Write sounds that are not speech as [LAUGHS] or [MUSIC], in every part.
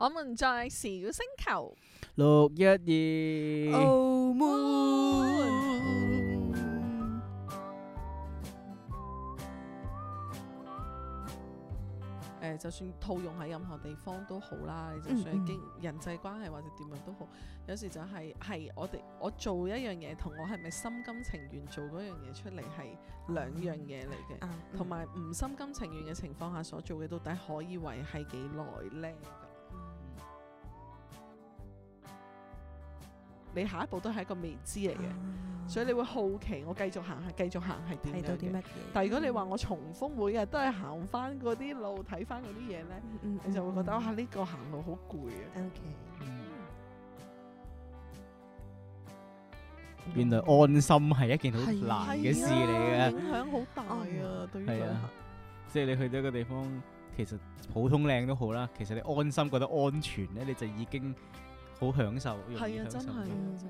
我們在小星球六一二澳門。誒，就算套用喺任何地方都好啦，就算係經人際關係或者點樣都好，有時就係係我哋我做一樣嘢，同我係咪心甘情願做嗰樣嘢出嚟係兩樣嘢嚟嘅，同埋唔心甘情願嘅情況下所做嘅到底可以維繫幾耐呢？你下一步都係一個未知嚟嘅，啊、所以你會好奇，我繼續行係繼續行係睇到啲乜嘢？但係如果你話我重複每日都係行翻嗰啲路，睇翻嗰啲嘢咧，嗯嗯、你就會覺得啊，呢、呢個行路好攰啊。嗯 okay 嗯、原來安心係一件好難嘅事嚟嘅，啊，影響好大啊！對於即係你去到一個地方，其實普通靚都好啦。其實你安心覺得安全咧，你就已經。好享受，容易的享受。啊，真係，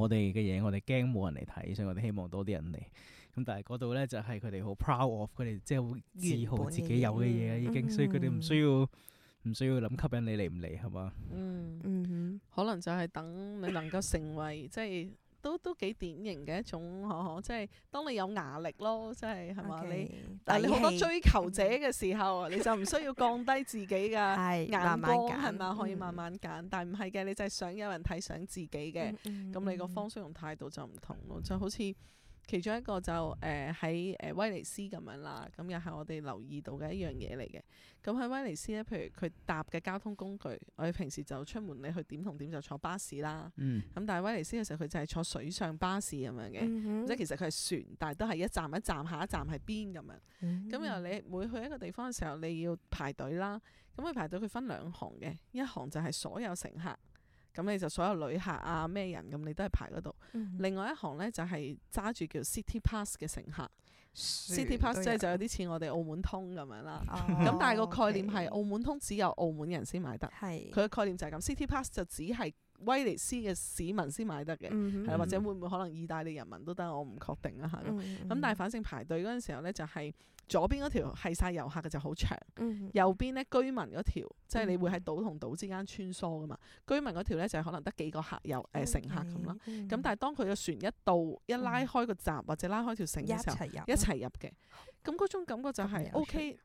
我哋嘅嘢，我哋驚冇人嚟睇，所以我哋希望多啲人嚟。咁、嗯、但係嗰度咧，就係、是、佢哋好 proud of，佢哋即係好自豪自己有嘅嘢啊，已經。嗯、所以佢哋唔需要，唔需要諗吸引你嚟唔嚟，係嘛？嗯嗯哼，可能就係等你能夠成為 [COUGHS] 即係。都都幾典型嘅一種，呵呵即係當你有壓力咯，即係係嘛你，但係你好多追求者嘅時候， [LAUGHS] 你就唔需要降低自己嘅， [LAUGHS] 慢慢揀係嘛，可以慢慢揀，嗯、但唔係嘅，你就係想有人睇上自己嘅，咁、嗯嗯、你個方式同態度就唔同咯，嗯、就好似。其中一個就誒喺誒威尼斯咁樣啦，咁又係我哋留意到嘅一樣嘢嚟嘅。咁喺威尼斯咧，譬如佢搭嘅交通工具，我哋平時就出門你去點同點就坐巴士啦。嗯。咁但係威尼斯嘅時候，佢就係坐水上巴士咁樣嘅，嗯、哼即係其實佢係船，但係都係一站一站下一站係邊，咁樣。嗯哼。咁又你每去一個地方嘅時候，你要排隊啦。咁佢排隊佢分兩行嘅，一行就係所有乘客。咁你就所有旅客啊咩人咁你都係排嗰度。嗯、另外一行咧就係揸住叫 City Pass 嘅乘客。船 City Pass 即係有就有啲似我哋澳門通咁樣啦。咁、哦、但係個概念係澳門通只有澳門人先買得。係、哦，佢、okay、個概念就係咁。是 City Pass 就只係。威尼斯嘅市民先買得嘅，係或者會唔會可能意大利人民都得？我唔確定啊吓。咁但係反正排隊嗰陣時候咧，就係左邊嗰條係晒遊客嘅就好長，右邊咧居民嗰條，即係你會喺島同島之間穿梭噶嘛？居民嗰條咧就係可能得幾個客遊誒乘客咁咯。咁但係當佢個船一到一拉開個閘或者拉開條繩嘅時候，一齊入嘅。咁嗰種感覺就係 OK，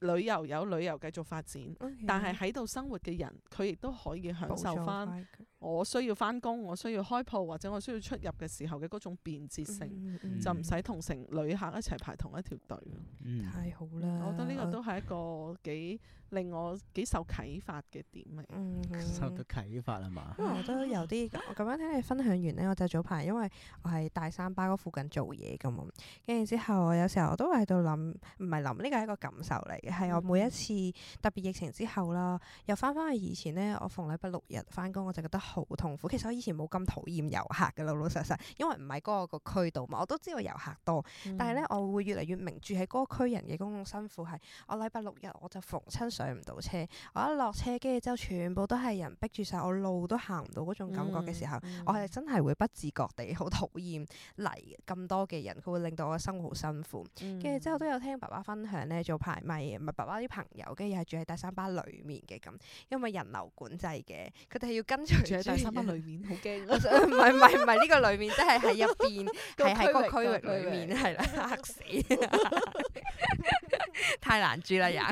旅遊有旅遊繼續發展，但係喺度生活嘅人，佢亦都可以享受翻。我需要翻工，我需要開鋪，或者我需要出入嘅時候嘅嗰種便捷性，嗯嗯、就唔使同成旅客一齊排同一條隊。嗯、太好啦！我覺得呢個都係一個幾令我幾受啟發嘅點嚟。嗯哼，受到啟發啊嘛。因為我覺得有啲， [LAUGHS] 我咁樣聽你分享完呢，我就早排因為我喺大三巴嗰附近做嘢嘅嘛，跟住之後我有時候我都喺度諗，唔係諗呢個係一個感受嚟，嘅。係我每一次特別疫情之後啦，又翻返去以前呢，我逢禮拜六日翻工，我就覺得。好痛苦，其實我以前冇咁討厭遊客嘅，老老實實，因為唔係嗰個區度嘛，我都知個遊客多，嗯、但係咧我會越嚟越明住喺嗰個區人嘅公共辛苦係，我禮拜六日我就逢親上唔到車，我一落車跟住之後全部都係人逼住晒。我路都行唔到嗰種感覺嘅時候，嗯嗯我係真係會不自覺地好討厭嚟咁多嘅人，佢會令到我生活好辛苦。跟住、嗯嗯、之後都有聽爸爸分享咧做排咪，唔係爸爸啲朋友，跟住又係住喺大三巴裡面嘅咁，因為人流管制嘅，佢哋係要跟隨。喺沙包裏面好驚，唔係唔係唔係呢個裏面，即係喺入邊，係 [NOISE] 喺樂、 [LAUGHS] 這個裡、就是、裡 [LAUGHS] 區域裏面係啦，嚇死， [LAUGHS] [LAUGHS] 太難住啦，人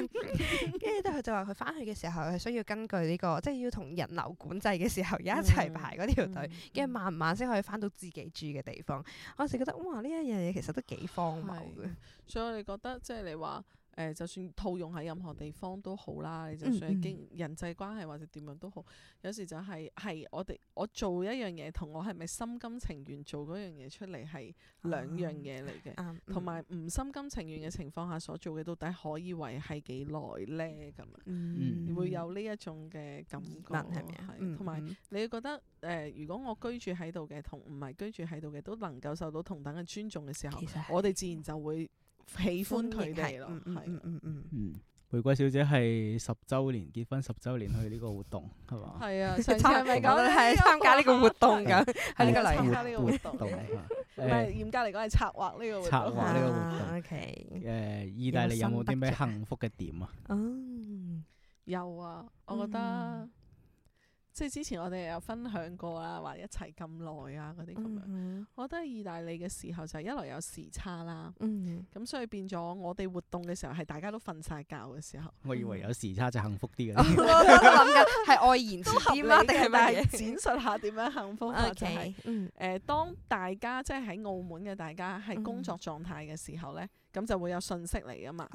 跟住之後就話佢翻去嘅時候，佢需要根據呢、這個，即係要同人流管制嘅時候一齊排嗰條隊，跟住、嗯嗯、慢慢先可以翻到自己住嘅地方。我成日覺得哇，呢一樣嘢其實都幾荒謬嘅。所以我哋覺得即係你話。誒、呃，就算套用喺任何地方都好啦，你、嗯、就算係經人際關係或者點樣都好，嗯、有時就係、是，係我哋我做一樣嘢，同我係咪心甘情願做嗰樣嘢出嚟係兩樣嘢嚟嘅，同埋唔心甘情願嘅情況下所做嘅，到底可以維係幾耐咧？咁樣、嗯嗯、會有呢一種嘅感覺係咪？同埋你覺得誒、呃，如果我居住喺度嘅同唔係居住喺度嘅都能夠受到同等嘅尊重嘅時候，其實 我哋自然就會。喜歡佢哋咯，係嗯嗯嗯嗯，玫瑰小姐係十周年結婚十周年去呢個活動係嘛？係啊，上次咪講咧係參加呢個活動咁，係呢個嚟，參加呢個活動，唔係嚴格嚟講係策劃呢個活動。策劃呢個活動，OK。誒，意大利有冇啲咩幸福嘅點啊？嗯，有啊，我覺得。即係之前我哋有分享過啦，話一齊咁耐啊嗰啲咁樣，我覺得意大利嘅時候就一來有時差啦，咁所以變咗我哋活動嘅時候係大家都瞓晒覺嘅時候。我以為有時差就幸福啲嘅。我諗緊係外延之添啦，定係咩？展示下點樣幸福，就係誒，當大家即係喺澳門嘅大家係工作狀態嘅時候咧，咁就會有信息嚟㗎嘛，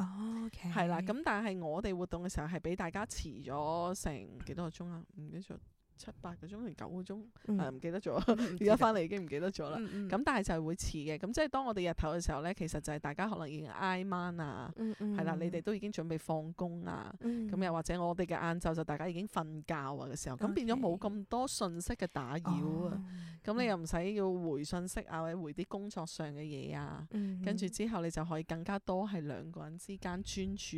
係啦 Okay.。咁但係我哋活動嘅時候係俾大家遲咗成幾多個鐘啊？唔記得咗。七八個鐘定九個鐘，誒唔、嗯啊、記得咗？而家翻嚟已經唔記得咗啦。咁、嗯嗯、但係就係會遲嘅。咁即係當我哋日頭嘅時候咧，其實就係大家可能已經挨晚啊，係、嗯嗯、啦，你哋都已經準備放工啊。咁、嗯、又或者我哋嘅晏晝就大家已經瞓覺啊嘅時候，咁、嗯、變咗冇咁多信息嘅打擾啊。咁、嗯、你又唔使要回信息啊，或者回啲工作上嘅嘢啊。嗯嗯嗯、跟住之後你就可以更加多係兩個人之間專注。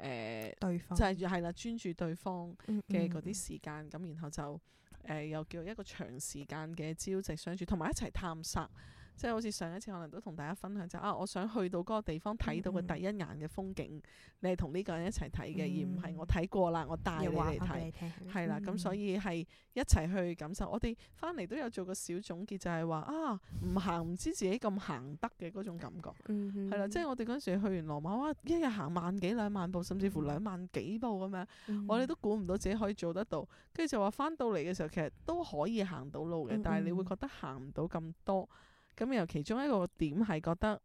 誒、呃、對方就係係啦，專注對方嘅嗰啲時間，咁、嗯嗯嗯、然後就誒、呃、又叫一個長時間嘅朝夕相處，同埋一齊探索。即係好似上一次，可能都同大家分享就啊，我想去到嗰個地方睇到個第一眼嘅風景，嗯嗯你係同呢個人一齊睇嘅，而唔係我睇過啦，我帶你嚟睇。係啦，咁、嗯嗯、所以係一齊去感受。我哋翻嚟都有做個小總結，就係、是、話啊，唔行唔知自己咁行得嘅嗰種感覺。係啦、嗯嗯，即係我哋嗰陣時去完羅馬，哇！一日行萬幾兩萬步，甚至乎兩萬幾步咁樣，我哋都估唔到自己可以做得到。跟住就話翻到嚟嘅時候，其實都可以行到路嘅，但係你會覺得行唔到咁多。咁由其中一個點係覺得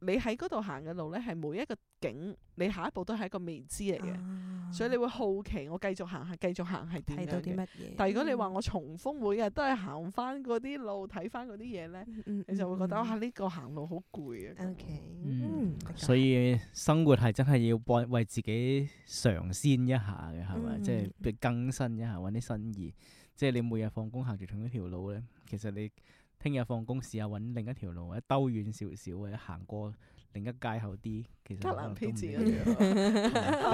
你，你喺嗰度行嘅路咧，係每一個景，你下一步都係一個未知嚟嘅，啊、所以你會好奇，我繼續行下，繼續行係睇到啲乜嘢。但如果你話我重複每日都係行翻嗰啲路，睇翻嗰啲嘢咧，嗯、你就會覺得啊，呢、嗯呢個行路好攰啊。嗯嗯、所以生活係真係要為為自己嘗鮮一下嘅，係咪、嗯？即係、就是、更新一下，揾啲新意。即、就、係、是、你每日放工行住同一條路咧，其實你。聽日放工試下揾另一條路，或者兜遠少少或者行過另一街口啲。其實行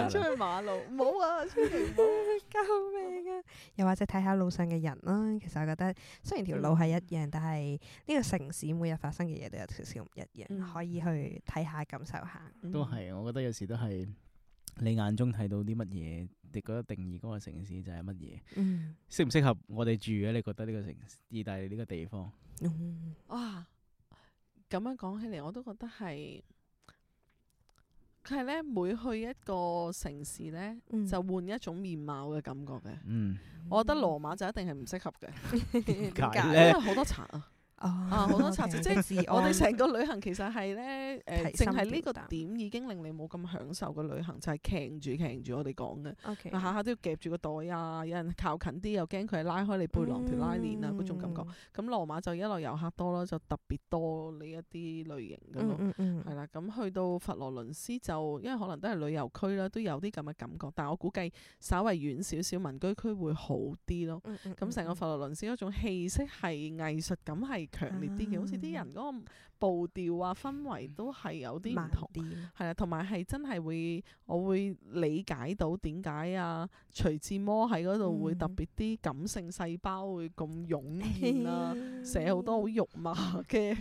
出去馬路，唔好啊！千祈唔好，救命啊！又或者睇下路上嘅人啦、啊。其實我覺得雖然條路係一樣，但係呢個城市每日發生嘅嘢都有少少唔一樣，嗯、可以去睇下感受下。嗯、都係，我覺得有時都係。你眼中睇到啲乜嘢？你覺得定義嗰個城市就係乜嘢？適唔適合我哋住咧？你覺得呢個城市，意大利呢個地方？嗯、哇！咁樣講起嚟，我都覺得係佢係咧，每去一個城市咧，嗯、就換一種面貌嘅感覺嘅。嗯，我覺得羅馬就一定係唔適合嘅，點解咧？因為好多殘啊！啊！好多插字，即係我哋成個旅行其實係咧、呃，誒、呃，淨係呢個點已經令你冇咁享受個旅行，就係扛住扛住我哋講嘅。下下 Okay. 都要夾住個袋啊！有人靠近啲又驚佢係拉開你背囊、mm hmm. 條拉鍊啊，嗰種感覺。咁羅馬就一路遊客多咯，就特別多呢一啲類型嘅咯，係啦、mm。咁、hmm. 去到佛羅倫斯就因為可能都係旅遊區啦，都有啲咁嘅感覺。但係我估計稍微遠少少民居區會好啲咯。咁成、mm hmm. 個佛羅倫斯嗰種氣息係藝術感係。強烈啲嘅，好似啲人嗰個步調啊、氛圍都係有啲唔同，係啊，同埋係真係會，我會理解到點解啊，徐志摩喺嗰度會特別啲感性細胞會咁湧現啦，寫好多好肉麻嘅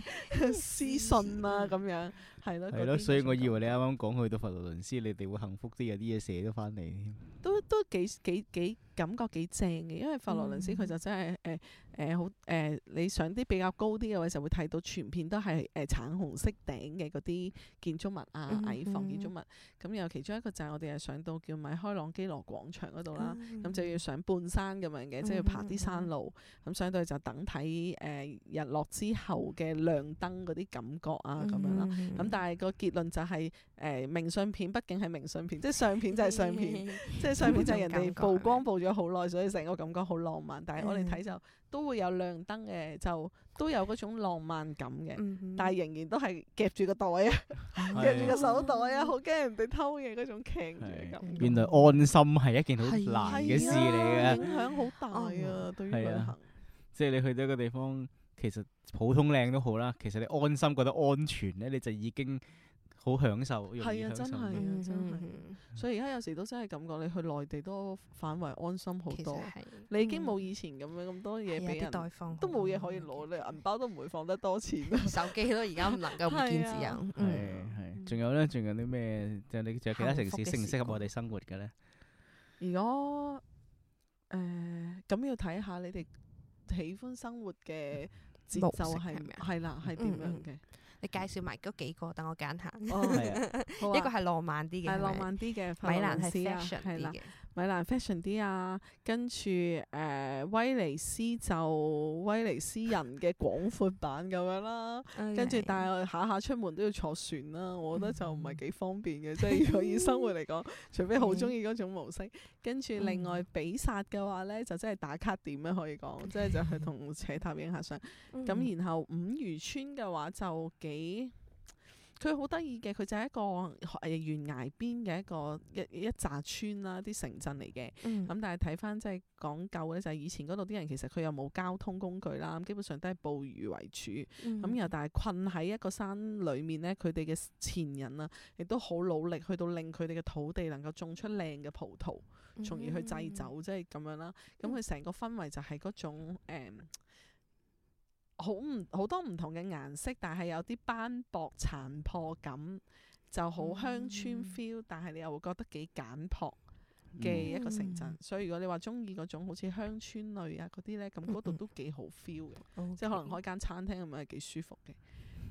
私信啦，咁樣係咯。係咯，所以我以為你啱啱講去到佛羅倫斯，你哋會幸福啲，有啲嘢寫咗翻嚟添。幾幾幾感覺幾正嘅，因為佛羅倫斯佢就真係誒誒好誒，你上啲比較高啲嘅位就會睇到全片都係誒、呃、橙紅色頂嘅嗰啲建築物啊、矮房建築物。咁又、嗯、哼其中一個就係、是、我哋係上到叫米開朗基羅廣場嗰度啦，咁、嗯、哼就要上半山咁樣嘅，嗯、哼即係要爬啲山路。咁上到去就等睇誒、呃、日落之後嘅亮燈嗰啲感覺啊咁樣啦。咁但係個結論就係、是、誒、呃、明信片，畢竟係明信片，即係相片就係相片，即係相片就係、是。人哋曝光曝咗好耐，所以成個感覺好浪漫。但係我哋睇就、嗯、都會有亮燈嘅，就都有嗰種浪漫感嘅。嗯嗯，但係仍然都係夾住個袋啊，嗯、夾住個手袋啊，的好驚人哋偷嘢。嗰種驚嘅感覺。原來安心係一件好難嘅事嚟嘅。影響好大啊！嗯、對於旅行、這個，即係你去到一個地方，其實普通靚都好啦。其實你安心覺得安全咧，你就已經。好享受，容易享受。係啊，真係，真係。所以而家有時都真係感覺你去內地都反為安心好多。嗯、你已經冇以前咁樣咁多嘢俾人，代、嗯、放，都冇嘢可以攞、嗯、你銀包都唔會放得多錢。手機都而家唔能夠唔見自由。係仲、嗯、有咧？仲有啲咩？就你就其他城市適唔適合我哋生活嘅咧？如果誒咁、呃、要睇下你哋喜歡生活嘅節奏係係啦，係點樣嘅？嗯你介紹埋嗰幾個，等我揀下。哦，係、 [LAUGHS] 啊，啊、一個係浪漫啲嘅，浪漫啲嘅米蘭係 fashion 啲嘅、啊。米蘭 Fashion 啲啊，跟住誒、呃、威尼斯就威尼斯人嘅廣闊版咁樣啦、啊，Okay. 跟住但係下下出門都要坐船啦、啊， [LAUGHS] 我覺得就唔係幾方便嘅，即係如果以生活嚟講， [LAUGHS] 除非好中意嗰種模式。跟住另外比薩嘅話咧，就真係打卡點啦，可以講，即係 [LAUGHS] 就係同斜塔影下相，相。咁 [LAUGHS] 然後五漁村嘅話就幾。佢好得意嘅，佢就係一個誒懸崖邊嘅一個一一扎村啦，啲城鎮嚟嘅。咁、嗯、但係睇翻即係講究咧，就係、是、以前嗰度啲人其實佢又冇交通工具啦，咁基本上都係捕魚為主。咁又、嗯、但係困喺一個山裡面咧，佢哋嘅前人啦，亦都好努力去到令佢哋嘅土地能夠種出靚嘅葡萄，從而去製酒，即係咁樣啦。咁佢成個氛圍就係嗰種、嗯嗯好唔好多唔同嘅顏色，但係有啲斑駁殘破感，就好鄉村 feel、嗯。但係你又會覺得幾簡樸嘅一個城鎮。嗯、所以如果你話中意嗰種好似鄉村類啊嗰啲呢，咁嗰度都幾好 feel 嘅，嗯、即係可能開間餐廳咁樣幾舒服嘅。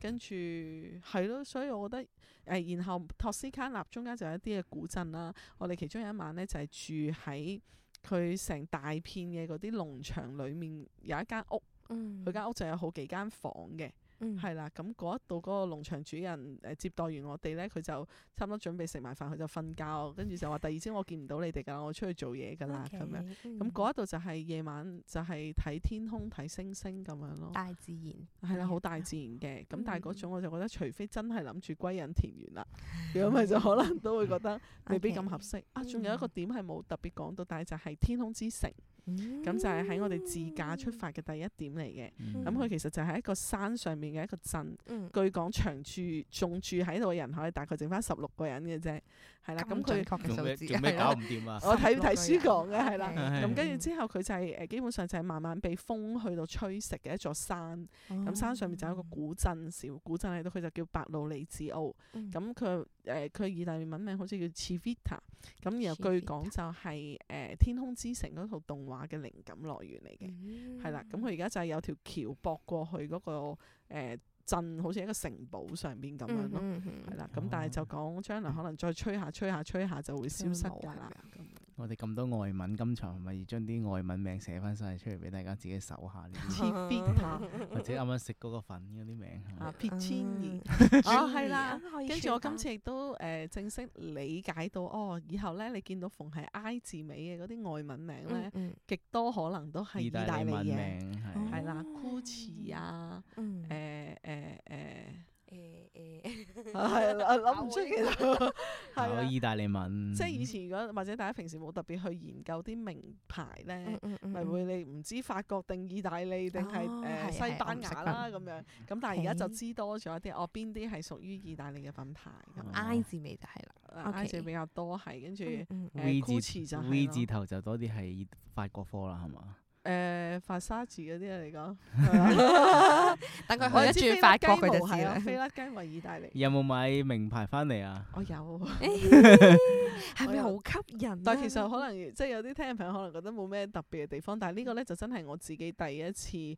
跟住係咯，所以我覺得誒、呃，然後托斯卡納中間就有一啲嘅古鎮啦。我哋其中有一晚呢，就係、是、住喺佢成大片嘅嗰啲農場裡面，有一間屋。佢間、嗯、屋就有好幾間房嘅，係啦、嗯。咁嗰一度嗰個農場主人誒接待完我哋咧，佢就差唔多準備食埋飯，佢就瞓覺。跟住就話：第二朝我見唔到你哋㗎，我出去做嘢㗎啦。咁 Okay, 樣咁嗰一度就係夜晚，就係、是、睇天空、睇星星咁樣咯。大自然係啦，好、嗯、大自然嘅。咁 okay, 但係嗰種我就覺得，除非真係諗住歸隱田園啦，如果唔係就可能都會覺得未必咁合適。Okay, 嗯、啊，仲有一個點係冇特別講到，但係就係天空之城。咁就係喺我哋自駕出發嘅第一點嚟嘅，咁佢其實就係一個山上面嘅一個鎮。據講長住仲住喺度嘅人可以大概剩翻十六個人嘅啫，係啦。咁佢確定數字搞唔掂我睇睇書講嘅係啦。咁跟住之後佢就係誒基本上就係慢慢被風去到吹蝕嘅一座山。咁山上面就有一個古鎮小古鎮喺度，佢就叫白露里治奧。咁佢誒佢意大利文名好似叫 Civita。咁然後據講就係誒天空之城嗰套動畫。嘅靈感來源嚟嘅，係啦、嗯，咁佢而家就係有條橋駁過去嗰個誒鎮，好似一個城堡上面咁樣咯，係啦、嗯哼，咁但係就講將來可能再吹下、吹下、吹下就會消失㗎啦。我哋咁多外文今場，係咪要將啲外文名寫翻晒出嚟俾大家自己搜下？黐 B， [LAUGHS] 或者啱啱食嗰個粉嗰啲名 p、啊、i z 哦，係啦。跟住我今次亦都誒正式理解到，哦，以後咧你見到逢係 I 字尾嘅嗰啲外文名咧，嗯嗯、極多可能都係意大利嘅名，係啦，Gucci 啊，誒誒誒。啊啊啊啊啊啊啊誒誒，係啦，諗唔出其他。 [LAUGHS] 有意大利文，嗯、即係以前如果或者大家平時冇特別去研究啲名牌咧，咪、嗯嗯、會你唔知法國定意大利定係誒西班牙啦咁、哦、樣。咁但係而家就知多咗一啲的哦，邊啲係屬於意大利嘅品牌咁。I 字尾就係啦，I 比較多係，跟住、嗯嗯嗯、V 字就 V 字頭就多啲係法國貨啦，係嘛？誒，法沙治嗰啲嚟講，等佢可以轉法雞毛係咯，飛甩雞為意大利。有冇買名牌翻嚟啊？我有，係咪好吸引？但係其實可能即係有啲聽人朋友可能覺得冇咩特別嘅地方，但係呢個咧就真係我自己第一次。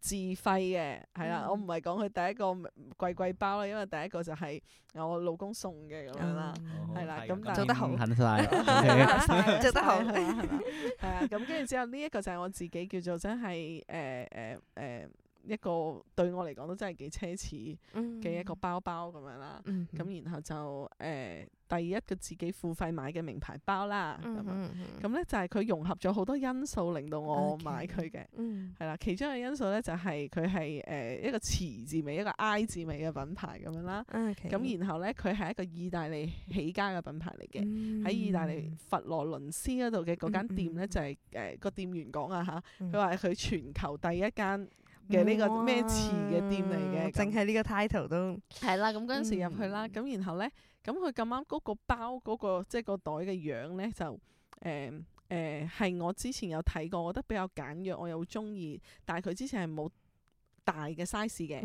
自費嘅係啦，嗯、我唔係講佢第一個貴貴包啦，因為第一個就係我老公送嘅咁樣啦，係、嗯、啦咁但做得好，好晒啦，做得好係啊，咁跟住之後呢一個就係我自己叫做真係誒誒誒。呃呃呃一個對我嚟講都真係幾奢侈嘅一個包包咁樣啦。咁、嗯、哼然後就誒、呃，第一個自己付費買嘅名牌包啦。咁咁咧就係佢、嗯、融合咗好多因素，令到我買佢嘅係啦。嗯、其中嘅因素咧就係佢係誒一個詞字尾一個 I 字尾嘅品牌咁樣啦。咁 Okay, 然後咧佢係一個意大利起家嘅品牌嚟嘅，喺、嗯、哼意大利佛羅倫斯嗰度嘅嗰間店咧、嗯、哼就係誒個店員講啊吓，佢話佢全球第一間。嘅呢個咩詞嘅店嚟嘅，淨係呢個 title 都係啦。咁嗰陣時入去啦，咁、嗯、然後咧，咁佢咁啱嗰個包嗰、那個即係、就是、個袋嘅樣咧，就誒誒係我之前有睇過，我覺得比較簡約，我又好鍾意。但係佢之前係冇。大嘅 size 嘅，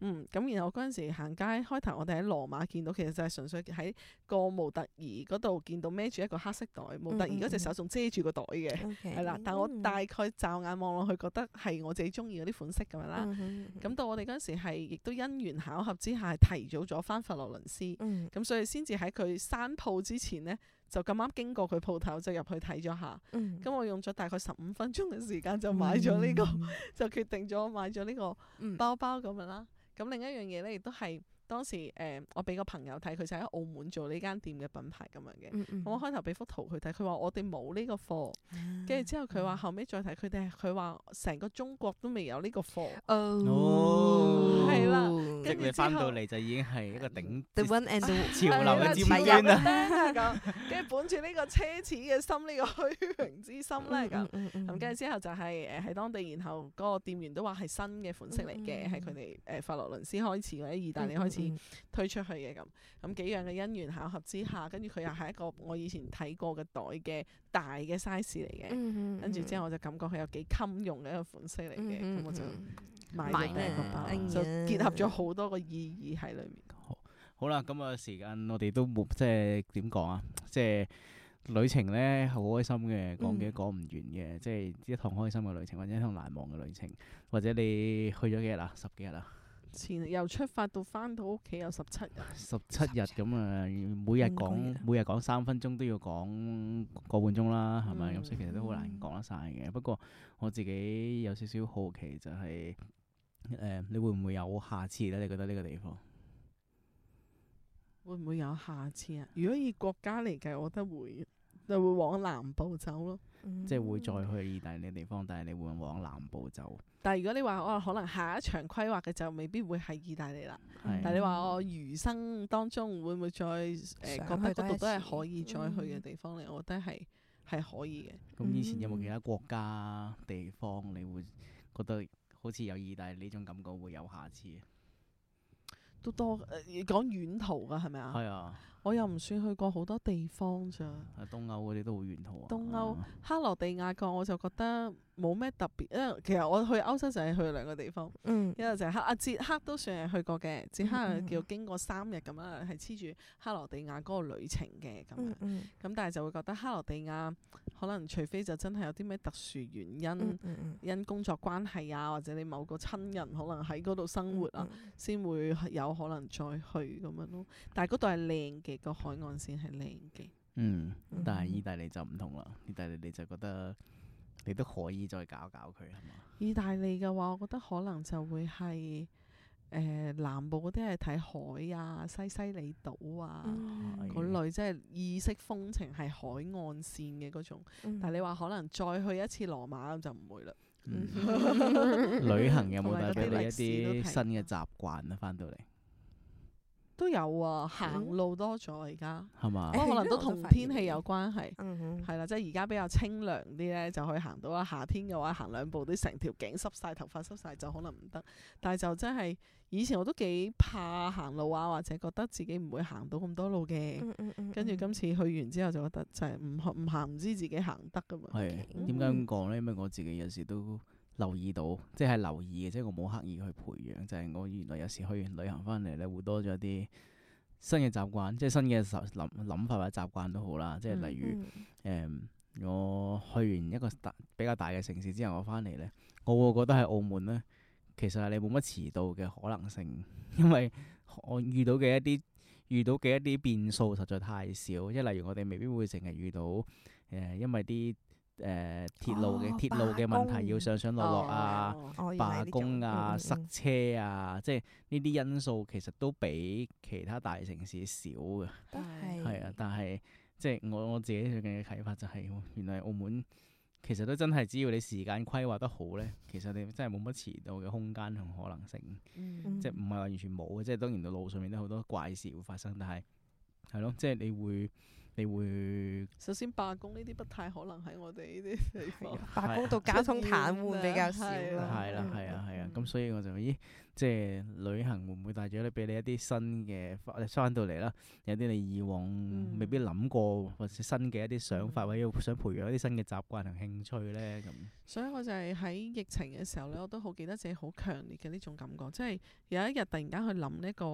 嗯，咁、嗯、然後我嗰時行街開頭，我哋喺羅馬見到，其實就係純粹喺個模特兒嗰度見到孭住一個黑色袋，模、嗯嗯嗯、特兒嗰隻手仲遮住個袋嘅，係啦、嗯嗯嗯。但係我大概驟眼望落去，覺得係我自己中意嗰啲款式咁樣啦。咁到我哋嗰陣時係亦都因緣巧合之下提早咗翻佛羅倫斯，咁所以先至喺佢閂鋪之前呢。就咁啱經過佢鋪頭，就入去睇咗下，咁、嗯、我用咗大概十五分鐘嘅時間就買咗呢、呢個，嗯、 [LAUGHS] 就決定咗買咗呢個包包咁樣啦。咁、嗯、另一樣嘢咧，亦都係。當時誒我俾個朋友睇，佢就喺澳門做呢間店嘅品牌咁樣嘅。我開頭俾幅圖佢睇，佢話我哋冇呢個貨。跟住之後佢話後尾再睇佢哋，佢話成個中國都未有呢個貨。哦，係啦。跟住翻到嚟就已經係一個頂潮流一支米啦。咁，跟住本住呢個奢侈嘅心，呢個虛榮之心咧咁。咁跟住之後就係誒喺當地，然後嗰個店員都話係新嘅款式嚟嘅，係佢哋誒佛羅倫斯開始或者意大利開始。嗯、推出去嘅咁，咁幾樣嘅因緣巧合之下，跟住佢又係一個我以前睇過嘅袋嘅大嘅 size 嚟嘅，跟住、嗯嗯嗯、之後我就感覺佢有幾襟用嘅一個款式嚟嘅，咁我就買咗呢個包的就結合咗好多個意義喺裏面。嗯嗯，好。好啦，咁啊時間我，我哋都冇即係點講啊，即係旅程咧好開心嘅，講嘢講唔完嘅，嗯、即係一趟開心嘅旅程，或者一趟難忘嘅旅程，或者你去咗幾日啊？十幾日啊？前由出發到翻到屋企有十七日，十七日咁啊，每日講每日講三分鐘都要講個半鐘啦，係咪？咁、嗯、所以其實都好難講得晒嘅。嗯、不過我自己有少少好奇就係、是，誒、呃，你會唔會有下次咧？你覺得呢個地方會唔會有下次啊？如果以國家嚟計，我覺得會。.就會往南部走咯，嗯、即係會再去意大利嘅地方，但係你會唔會往南部走？但係如果你話我可能下一場規劃嘅就未必會係意大利啦。嗯、但係你話我餘生當中會唔會再誒、呃、覺得嗰度都係可以再去嘅地方咧？嗯、我覺得係係可以嘅。咁、嗯、以前有冇其他國家地方你會覺得好似有意大利呢種感覺會有下次？都多、呃、講遠途㗎係咪啊？係啊。嗯嗯我又唔算去過好多地方咋，東歐嗰啲都好遠途啊。東歐，克羅地亞國我就覺得。冇咩特別，因為其實我去歐洲就係去兩個地方，嗯、一個就係克啊捷克都算係去過嘅，捷克叫經過三日咁樣，係黐住克羅地亞嗰個旅程嘅咁樣，咁、嗯嗯、但係就會覺得克羅地亞可能除非就真係有啲咩特殊原因，嗯嗯、因工作關係啊，或者你某個親人可能喺嗰度生活啊，先、嗯嗯、會有可能再去咁樣咯。但係嗰度係靚嘅，個海岸線係靚嘅，嗯，但係意大利就唔同啦，意大利你就覺得。你都可以再搞搞佢係嘛？意大利嘅話，我覺得可能就會係誒、呃、南部嗰啲係睇海啊，西西里島啊嗰、嗯、類，即係意式風情係海岸線嘅嗰種。嗯、但係你話可能再去一次羅馬，咁就唔會啦。 [LAUGHS] 旅行有冇帶俾你一啲新嘅習慣啊？翻到嚟？都有啊，行路多咗而家，係嘛？吧可能都同天氣有關係，係啦、哎，即係而家比較清涼啲咧，就可以行到啦。夏天嘅話，行兩步都成條頸濕晒，頭髮濕晒就可能唔得。但係就真係以前我都幾怕行路啊，或者覺得自己唔會行到咁多路嘅。跟住、嗯嗯嗯嗯、今次去完之後就覺得就係唔行唔行唔知自己行得㗎嘛。係點解咁講咧？因為我自己有時都。留意到，即係留意嘅，即係我冇刻意去培養，就係、是、我原來有時去完旅行翻嚟咧，會多咗啲新嘅習慣，即係新嘅諗法或者習慣都好啦。即係例如嗯嗯、嗯，我去完一個比較大嘅城市之後，我翻嚟呢，我會覺得喺澳門呢，其實你冇乜遲到嘅可能性，因為我遇到嘅一啲遇到嘅一啲變數實在太少，即係例如我哋未必會成日遇到、呃、因為啲誒，鐵、呃、路嘅鐵、哦、路嘅問題要上上落落啊，罷、啊、工啊，啊，塞車啊，嗯、即係呢啲因素其實都比其他大城市少嘅，係啊是，但係即係我我自己最近嘅啟發就係、是，原來澳門其實都真係只要你時間規劃得好呢， [LAUGHS] 其實你真係冇乜遲到嘅空間同可能性，嗯、即係唔係話完全冇嘅，即係當然路上面都好多怪事會發生，但係係咯，即係、就是、你會。你會首先，罷工呢啲不太可能喺我哋呢啲地方 [LAUGHS] 罷工到交通癱瘓比較少，係啦，係啊，係啊， [LAUGHS] 咁所以我就依。即係旅行會唔會帶咗咧，俾你一啲新嘅返到嚟啦？有啲你以往未必諗過，嗯、或者新嘅一啲想法，嗯、或者想培養一啲新嘅習慣同興趣咧咁。所以我就係喺疫情嘅時候咧，我都好記得自己好強烈嘅呢種感覺，即係有一日突然間去諗呢個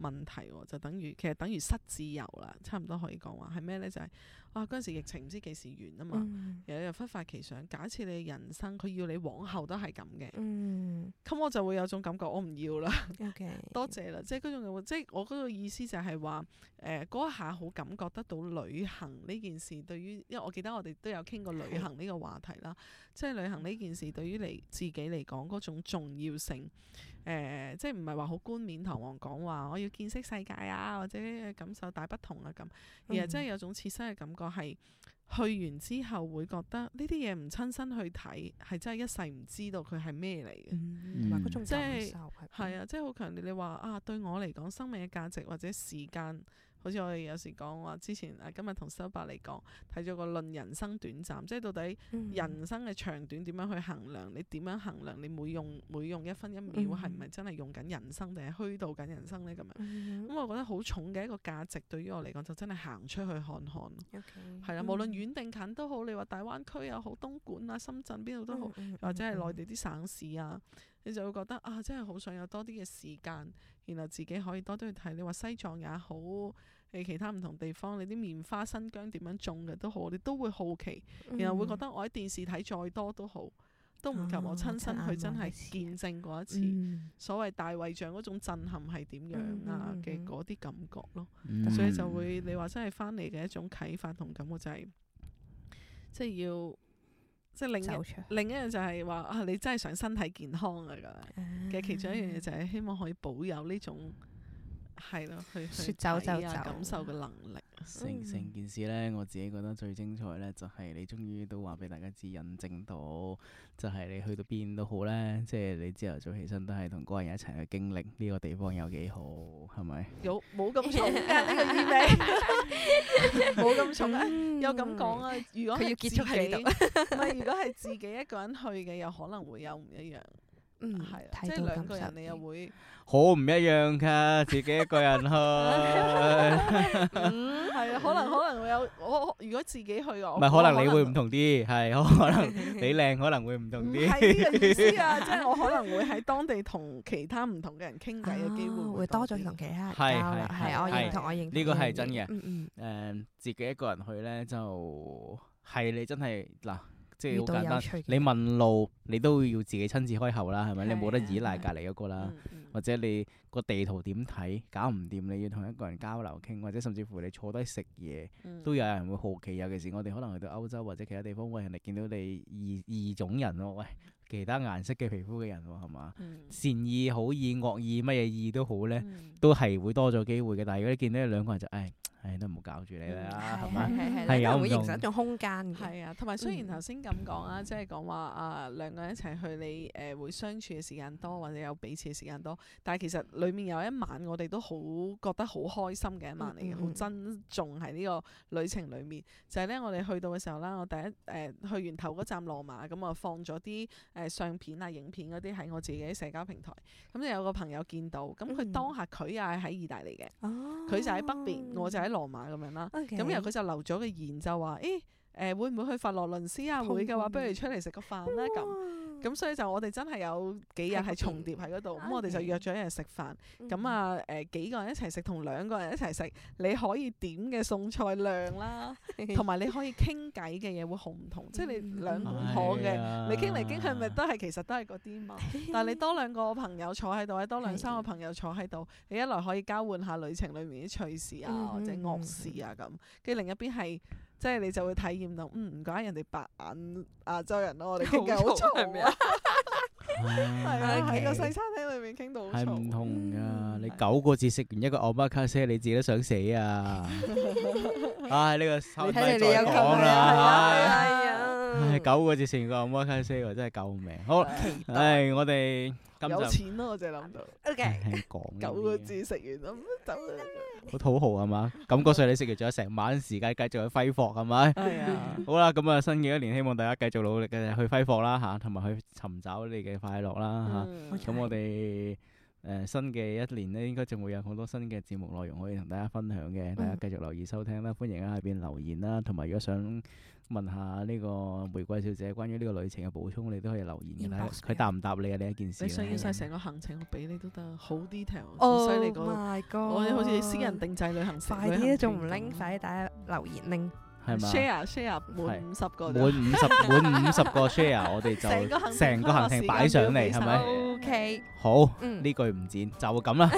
問題，就等於其實等於失自由啦，差唔多可以講話係咩咧？就係、是。哇！嗰、啊、時疫情唔知幾時完啊嘛，嗯、又又忽發奇想，假設你人生佢要你往後都係咁嘅，咁、嗯、我就會有種感覺我，我唔要啦。OK，多謝啦，即係嗰種感覺，即、就、係、是、我嗰個意思就係話，誒、呃、嗰一下好感覺得到旅行呢件事對於，因為我記得我哋都有傾過旅行呢個話題啦，嗯、即係旅行呢件事對於你自己嚟講嗰種重要性，誒、呃、即係唔係話好冠冕堂皇講話我要見識世界啊，或者感受大不同啊咁，而係真係有種切身嘅感覺。嗯嗯我係去完之後會覺得呢啲嘢，唔親身去睇，係真係一世唔知道佢係咩嚟嘅。嗯嗯，即係係啊，即係好強烈。你話啊，對我嚟講，生命嘅價值或者時間。好似我哋有時講話，之前啊，今日同修伯嚟講睇咗個《論人生短暫》，即係到底人生嘅長短點樣去衡量？你點樣衡量？你每用每用一分一秒，係唔係真係用緊人生，定係虛度緊人生咧？咁樣咁，嗯嗯、我覺得好重嘅一個價值對於我嚟講，就真係行出去看看，係啦，無論遠定近都好。你話大灣區又好，東莞啊、深圳邊度都好，嗯嗯、或者係內地啲省市啊，嗯嗯、你就會覺得啊，真係好想有多啲嘅時間，然後自己可以多啲去睇。你話西藏也好。你其他唔同地方，你啲棉花、新疆點樣種嘅都好，你都會好奇，嗯、然後會覺得我喺電視睇再多都好，都唔及我親身去真係見證過一次，所謂大胃像嗰種震撼係點樣啊嘅嗰啲感覺咯，嗯嗯、所以就會你話真係翻嚟嘅一種啟發同感覺就係，即係要，即係另一另一樣就係話啊，你真係想身體健康啊，嘅、嗯，嘅其中一樣嘢就係希望可以保有呢種。係咯，去去走走，感受嘅能力。成成、嗯、件事咧，我自己覺得最精彩咧，就係你終於都話俾大家知，印證到，就係你去到邊都好咧，即、就、係、是、你朝頭早起身都係同嗰個人一齊去經歷呢、這個地方有幾好，係咪？有冇咁重？冇咁重啊？有咁講啊？如果佢要結束唔係如果係自己一個人去嘅，又可能會有唔一樣。係，即係兩個人你又會好唔一樣噶，自己一個人去，係啊，可能可能會有我如果自己去我唔係可能你會唔同啲，係可能你靚可能會唔同啲，係呢個意思啊，即係我可能會喺當地同其他唔同嘅人傾偈嘅機會會多咗同其他人係係，我認同我認同呢個係真嘅，誒，自己一個人去咧就係你真係嗱。即係好簡單，你問路你都要自己親自開口啦，係咪？對你冇得依賴隔離嗰個啦，或者你個地圖點睇搞唔掂，你要同一個人交流傾，或者甚至乎你坐低食嘢都有人會好奇。嗯、尤其是我哋可能去到歐洲或者其他地方，喂，人哋見到你異異種人喎，喂，其他顏色嘅皮膚嘅人喎，係嘛？嗯、善意好意惡意乜嘢意都好呢，嗯、都係會多咗機會嘅。但係如果你見到你兩個人就誒。哎都唔好搞住你啦，係係係，會形成一種空間。係啊，同埋雖然頭先咁講啊，即係講話啊，兩個人一齊去，你誒會相處嘅時間多，或者有彼此嘅時間多。但係其實裡面有一晚，我哋都好覺得好開心嘅一晚嚟嘅，好珍重喺呢個旅程裡面。就係咧，我哋去到嘅時候啦，我第一誒去完頭嗰站羅馬，咁啊放咗啲誒相片啊、影片嗰啲喺我自己嘅社交平台。咁就有個朋友見到，咁佢當下佢又係喺意大利嘅，佢就喺北邊，我就喺羅馬咁樣啦，咁 Okay. 然後佢就留咗個言，就話，誒、哎，誒、呃，會唔會去佛羅倫斯啊？會嘅話， [NOISE] 不如出嚟食個飯啦咁。哇咁所以就我哋真係有幾日係重疊喺嗰度，咁我哋就約咗一日食飯，咁、嗯、啊，誒、呃、幾個人一齊食同兩個人一齊食，你可以點嘅餸菜量啦，同埋 [LAUGHS] 你可以傾偈嘅嘢會好唔同。嗯、即係你兩公婆嘅，哎、呀 你傾嚟傾去咪都係其實都係嗰啲嘛。 [LAUGHS] 但係你多兩個朋友坐喺度，多兩三個朋友坐喺度，你一來可以交換下旅程裏面啲趣事啊或者惡事啊咁，跟住、嗯嗯、另一邊係。即係你就會體驗到，嗯，唔怪人哋白眼亞洲、啊、人咯，我哋傾偈好嘈啊，係啊吵，喺個西餐廳裏面傾到嘈。係唔同噶，你九個字食完一個奧巴卡西，你自己都想死啊！唉，呢個後面再講啦。九個字食完個摩卡西，真係救命！好，對唉，我哋咁，有錢咯、啊，我就諗到。O K，講九個字食完咁走，好土豪係嘛？感覺上你食完仲有成晚時間繼續去揮霍係咪？係啊。 [LAUGHS] [LAUGHS] 好啦，咁啊，新嘅一年希望大家繼續努力，繼續去揮霍啦吓，同、啊、埋去尋找你嘅快樂啦吓。咁、啊嗯、 [LAUGHS] 我哋。誒、呃、新嘅一年咧，應該仲會有好多新嘅節目內容可以同大家分享嘅。大家繼續留意收聽啦，歡迎喺下邊留言啦，同埋如果想問下呢個玫瑰小姐關於呢個旅程嘅補充，你都可以留言嘅佢 Inbox 答唔答你啊？另一 Yeah. 件事。你想完晒成個行程，我俾你都得好啲。e t 哦，My God！我好似私人定製旅行快啲仲唔拎曬？Oh, 大家留言拎。share share 滿五十個滿五十 [LAUGHS] 滿五十個 share 我哋就成個行程擺上嚟係咪？OK 好呢、嗯、句唔剪就咁啦，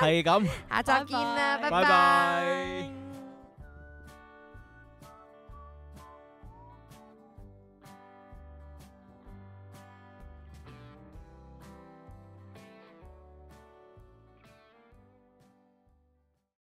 係咁。 [LAUGHS] 下集見啦，拜拜 bye。Bye bye